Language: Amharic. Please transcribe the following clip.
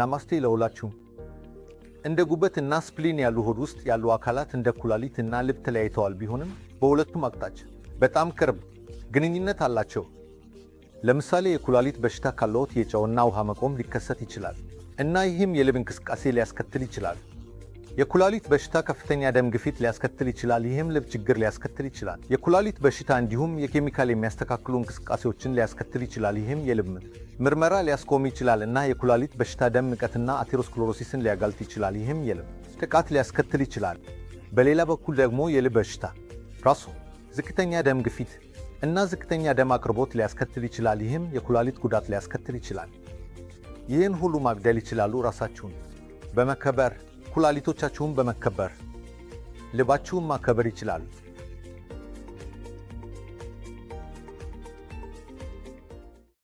ናማስቴ ለሁላችሁም። እንደ ጉበት እና ስፕሊን ያሉ ሆድ ውስጥ ያሉ አካላት እንደ ኩላሊት እና ልብ ተለያይተዋል፣ ቢሆንም በሁለቱም አቅጣጫ በጣም ቅርብ ግንኙነት አላቸው። ለምሳሌ የኩላሊት በሽታ ካለዎት የጨውና ውሃ መቆም ሊከሰት ይችላል እና ይህም የልብ እንቅስቃሴ ሊያስከትል ይችላል። የኩላሊት በሽታ ከፍተኛ ደም ግፊት ሊያስከትል ይችላል። ይህም ልብ ችግር ሊያስከትል ይችላል። የኩላሊት በሽታ እንዲሁም የኬሚካል የሚያስተካክሉ እንቅስቃሴዎችን ሊያስከትል ይችላል። ይህም የልብ ምርመራ ሊያስቆም ይችላል እና የኩላሊት በሽታ ደም እቀትና አቴሮስክሎሮሲስን ሊያጋልጥ ይችላል። ይህም የልብ ጥቃት ሊያስከትል ይችላል። በሌላ በኩል ደግሞ የልብ በሽታ ራሱ ዝቅተኛ ደም ግፊት እና ዝቅተኛ ደም አቅርቦት ሊያስከትል ይችላል። ይህም የኩላሊት ጉዳት ሊያስከትል ይችላል። ይህን ሁሉ ማግደል ይችላሉ ራሳችሁን በመከበር ኩላሊቶቻችሁን በመከበር ልባችሁን ማከበር ይችላል።